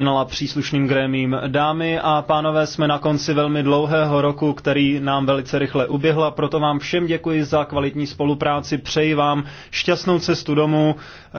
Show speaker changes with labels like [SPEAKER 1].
[SPEAKER 1] jednala příslušným grémím. Dámy a pánové, jsme na konci velmi dlouhého roku, který nám velice rychle uběhla, proto vám všem děkuji za kvalitní spolupráci, přeji vám
[SPEAKER 2] šťastnou cestu domů.